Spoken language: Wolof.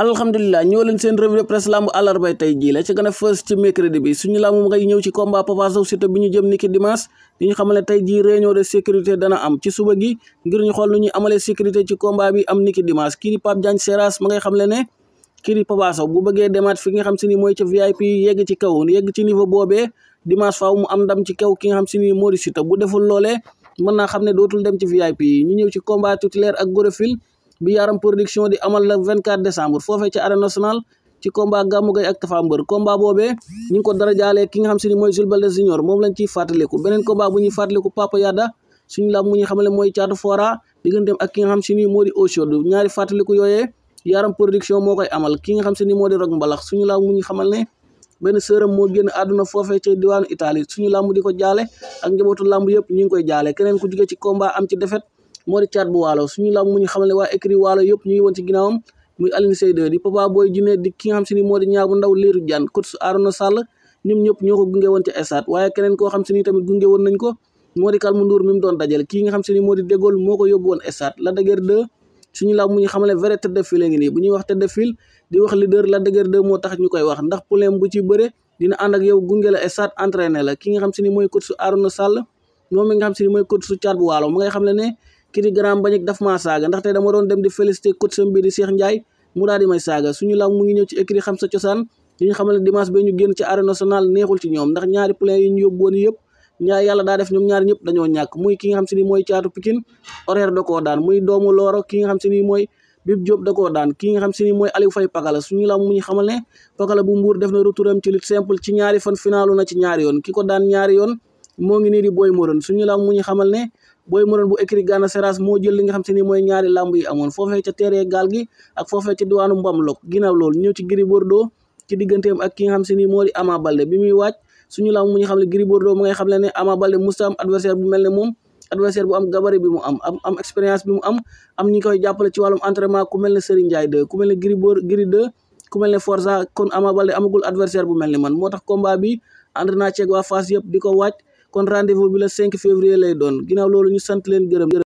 alhamdulilah ñëw leen seen revue de presse lamb àllarbay tey jii la ci gën a fës ci mercredi bi suñu lamb mu ngay ñëw ci combat Papa Sow bi ñu jëm niki dimanche di ñu ne tey jii réunion de sécurité dana am ci suba gi ngir ñu xool nu ñu amalee sécurité ci combat bi am niki dimanche kii di Pape Diagne le ne kii di Papa Sow bu bëggee demaat fi nga xam si ni mooy ca VIP yegg ci kaw yegg ci niveau boobee dimanche faaw mu am ndam ci kaw ki nga xam si ni moo di Siteu bu deful loole mën naa xam ne dootul dem ci VIP yi ñu ñëw ci combat titulaire ak Gorofil bi yaram production di amal la 24 décembre foofee ci arène nationale ci combat Gamou Gueye ak Tapha Mbeur combat boobee ko dara jaalee ki nga xam si ni mooy Jules Baldé Junior moom lañ ciy fàttaliku beneen combat bu ñuy fàttaliku Papa Yada suñu lam mooy caatu fora digganteem ak ki nga xam si moo di Ochod ñaari fàttaliku yooyee yaram production amal ki nga xam si ni moo di Rock Mbalax suñu lam mu ñu xamal ne benn sëram moo génn àdduna foofee ca suñu làmb di ko jaale ak njabootu làmb yëpp ñu ngi koy jaale keneen ku jóge ci combat am ci defet moo di caat bu waalo suñu lam mu ñu xamal ne waa écrit waalo yëpp ñu ngi woon ci ginnaawam muy Alioune Seye 2 di Papa Boy Djiné ki nga xam si ni moo di ñaabu ndaw liiru jaan coach Arona Sall ñoom ko gunge woon ca stade waaye keneen xam si ni tamit gunge woon nañ ko moo di Kalmu Ndour mi mu moo di déggool moo ko yóbbu woon stade la dëgër 2 bu ñuy wax tête de file di moo tax ñu koy wax ndax problème bu ci bëre dina ànd yow gunge la stade entraîné la ki nga xam si ni mooy coach Arona Sall moom mi nga xam si ni mooy coach caat bu waalo mu ngay xam le ne Kirigram Mbagnick daf maa saaga ndaxte dama doon dem di félicité coach sam di Cheikh Ndiaye mu may saaga suñu xam sa cosaan li ñu xamal ne dimanche ba ñu génn ci arène nationale neexul ci ñoom ndax ñaari ki nga xam si ni mooy caatu Pikine ki nga xam si ni mooy Bib Diop da koo daan ki nga xam si ni mooy Aliou Faye Pakala suñu lam mu ñu xamal ne Pakala bu mbuur def na retouram ci lutte ci ñaari fan finaalu na ci ñaari yoon ki ko daan ñaari yoon moo ngi nii di Boy Morone suñu mu ñu xamal ne Boy Morone bu écrit Gana Seras moo jël li nga xam te ni mooy ñaari làmb yi amoon foofee ca teree gaal gi ak foofee ca diwaanu Mbamlok ginnaaw loolu ñëw ci Gris Bordeaux ci digganteem ak ki nga xam se ni moo di Ama Baldé bi muy waaj suñu làmb mu ñu xam ne Gris Bordeaux mu ngay xam le ne Ama Baldé musta am adversaire bu mel ne moom adversaire bu am gabarit bi mu am am am expérience bi mu am am ñi koy jàppale ci wàllum entraînement ku mel ne Serigne Ndiaye 2 mel ne ku mel ne Forza kon Ama Baldé amagul adversaire bu mel ne man moo tax combat bi ànd naa ceeg waa Fass yëpp di ko waaj kon rendez-vous bi la 5 février lay doon ginnaaw loolu ñu sant leen gërëm